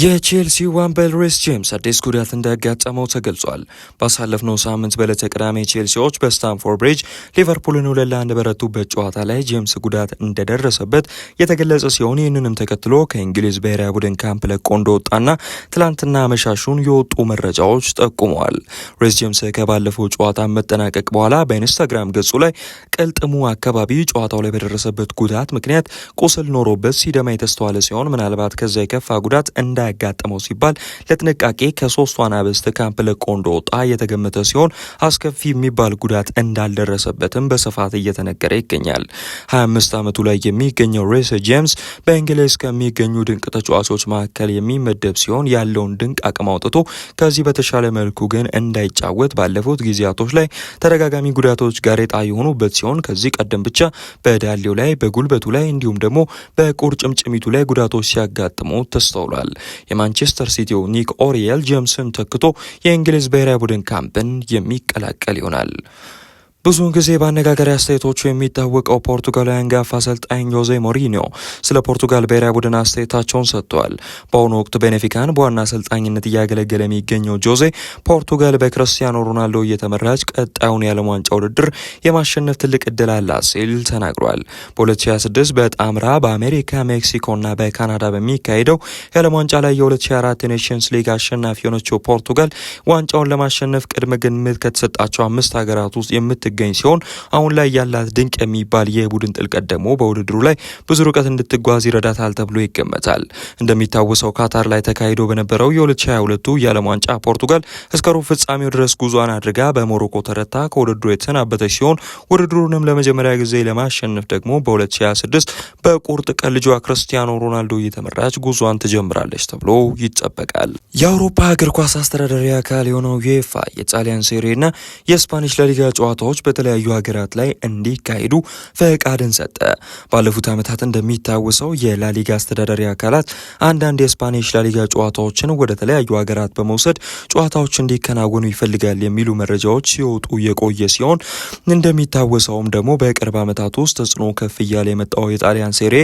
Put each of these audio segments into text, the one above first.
የቼልሲ ዋንበል ሬስ ጄምስ አዲስ ጉዳት እንዳጋጠመው ተገልጿል። ባሳለፍነው ሳምንት በዕለተ ቅዳሜ ቼልሲዎች በስታንፎርድ ብሪጅ ሊቨርፑልን ሁለት ለአንድ በረቱበት ጨዋታ ላይ ጄምስ ጉዳት እንደደረሰበት የተገለጸ ሲሆን ይህንንም ተከትሎ ከእንግሊዝ ብሔራዊ ቡድን ካምፕ ለቆ እንደወጣና ትላንትና አመሻሹን የወጡ መረጃዎች ጠቁመዋል። ሬስ ጄምስ ከባለፈው ጨዋታ መጠናቀቅ በኋላ በኢንስታግራም ገጹ ላይ ቅልጥሙ አካባቢ ጨዋታው ላይ በደረሰበት ጉዳት ምክንያት ቁስል ኖሮበት ሲደማ የተስተዋለ ሲሆን ምናልባት ከዚያ የከፋ ጉዳት እንዳ ያጋጠመው ሲባል ለጥንቃቄ ከሶስቱ አናብስት ካምፕ ለቆ እንደወጣ የተገመተ ሲሆን አስከፊ የሚባል ጉዳት እንዳልደረሰበትም በስፋት እየተነገረ ይገኛል። 25 ዓመቱ ላይ የሚገኘው ሬስ ጄምስ በእንግሊዝ ከሚገኙ ድንቅ ተጫዋቾች መካከል የሚመደብ ሲሆን ያለውን ድንቅ አቅም አውጥቶ ከዚህ በተሻለ መልኩ ግን እንዳይጫወት ባለፉት ጊዜያቶች ላይ ተደጋጋሚ ጉዳቶች ጋሬጣ የሆኑበት ሲሆን ከዚህ ቀደም ብቻ በዳሌው ላይ፣ በጉልበቱ ላይ እንዲሁም ደግሞ በቁርጭምጭሚቱ ላይ ጉዳቶች ሲያጋጥሙ ተስተውሏል። የማንቸስተር ሲቲው ኒክ ኦሪየል ጄምስን ተክቶ የእንግሊዝ ብሔራዊ ቡድን ካምፕን የሚቀላቀል ይሆናል። ብዙውን ጊዜ በአነጋጋሪ አስተያየቶቹ የሚታወቀው ፖርቱጋላዊ አንጋፋ አሰልጣኝ ጆዜ ሞሪኒዮ ስለ ፖርቱጋል ብሔራዊ ቡድን አስተያየታቸውን ሰጥተዋል። በአሁኑ ወቅት ቤኔፊካን በዋና አሰልጣኝነት እያገለገለ የሚገኘው ጆዜ ፖርቱጋል በክርስቲያኖ ሮናልዶ እየተመራች ቀጣዩን የዓለም ዋንጫ ውድድር የማሸነፍ ትልቅ እድል አላት ሲል ተናግሯል። በ2026 በጣምራ በአሜሪካ ሜክሲኮና በካናዳ በሚካሄደው የዓለም ዋንጫ ላይ የ2024 የኔሽንስ ሊግ አሸናፊ የሆነችው ፖርቱጋል ዋንጫውን ለማሸነፍ ቅድመ ግምት ከተሰጣቸው አምስት ሀገራት ውስጥ የምትገ የምትገኝ ሲሆን አሁን ላይ ያላት ድንቅ የሚባል የቡድን ጥልቀት ደግሞ በውድድሩ ላይ ብዙ ርቀት እንድትጓዝ ይረዳታል ተብሎ ይገመታል። እንደሚታወሰው ካታር ላይ ተካሂዶ በነበረው የ2022 የዓለም ዋንጫ ፖርቱጋል እስከ ሩብ ፍጻሜው ድረስ ጉዟን አድርጋ በሞሮኮ ተረታ ከውድድሩ የተሰናበተች ሲሆን ውድድሩንም ለመጀመሪያ ጊዜ ለማሸነፍ ደግሞ በ2026 በቁርጥ ቀን ልጇ ክርስቲያኖ ሮናልዶ እየተመራች ጉዟን ትጀምራለች ተብሎ ይጠበቃል። የአውሮፓ እግር ኳስ አስተዳዳሪ አካል የሆነው ዩኤፋ የጣሊያን ሴሪና የስፓኒሽ ለሊጋ ጨዋታዎች ስብሰባዎች በተለያዩ ሀገራት ላይ እንዲካሄዱ ፈቃድን ሰጠ። ባለፉት ዓመታት እንደሚታወሰው የላሊጋ አስተዳዳሪ አካላት አንዳንድ የስፓኒሽ ላሊጋ ጨዋታዎችን ወደ ተለያዩ ሀገራት በመውሰድ ጨዋታዎች እንዲከናወኑ ይፈልጋል የሚሉ መረጃዎች ሲወጡ የቆየ ሲሆን እንደሚታወሰውም ደግሞ በቅርብ ዓመታት ውስጥ ተጽዕኖ ከፍ እያለ የመጣው የጣሊያን ሴሬ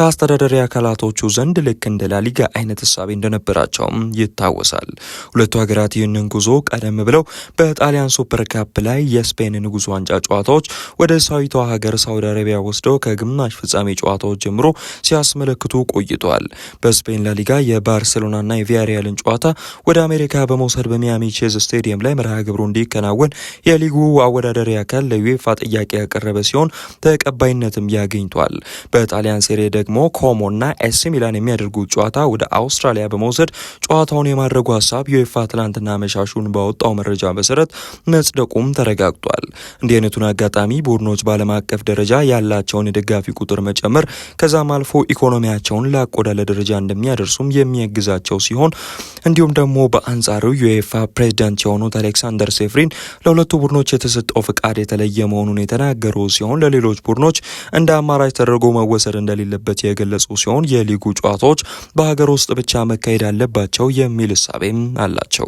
ከአስተዳዳሪ አካላቶቹ ዘንድ ልክ እንደ ላሊጋ አይነት እሳቤ እንደነበራቸውም ይታወሳል። ሁለቱ ሀገራት ይህንን ጉዞ ቀደም ብለው በጣሊያን ሱፐር ካፕ ላይ የስፔን ንጉ የንጉሥ ዋንጫ ጨዋታዎች ወደ ሳዊቷ ሀገር ሳውዲ አረቢያ ወስደው ከግማሽ ፍጻሜ ጨዋታዎች ጀምሮ ሲያስመለክቱ ቆይቷል። በስፔን ላሊጋ የባርሴሎናና የቪያሪያልን ጨዋታ ወደ አሜሪካ በመውሰድ በሚያሚ ቼዝ ስቴዲየም ላይ መርሃ ግብሩ እንዲከናወን የሊጉ አወዳደሪ አካል ለዩኤፋ ጥያቄ ያቀረበ ሲሆን ተቀባይነትም ያገኝቷል። በጣሊያን ሴሬ ደግሞ ኮሞና ኤሲ ሚላን የሚያደርጉት ጨዋታ ወደ አውስትራሊያ በመውሰድ ጨዋታውን የማድረጉ ሀሳብ ዩኤፋ ትላንትና መሻሹን ባወጣው መረጃ መሰረት መጽደቁም ተረጋግጧል። እንዲህ አይነቱን አጋጣሚ ቡድኖች በዓለም አቀፍ ደረጃ ያላቸውን የደጋፊ ቁጥር መጨመር ከዛም አልፎ ኢኮኖሚያቸውን ላቆዳለ ደረጃ እንደሚያደርሱም የሚያግዛቸው ሲሆን እንዲሁም ደግሞ በአንጻሩ ዩኤፋ ፕሬዚዳንት የሆኑት አሌክሳንደር ሴፍሪን ለሁለቱ ቡድኖች የተሰጠው ፍቃድ የተለየ መሆኑን የተናገሩ ሲሆን ለሌሎች ቡድኖች እንደ አማራጭ ተደርጎ መወሰድ እንደሌለበት የገለጹ ሲሆን የሊጉ ጨዋታዎች በሀገር ውስጥ ብቻ መካሄድ አለባቸው የሚል እሳቤም አላቸው።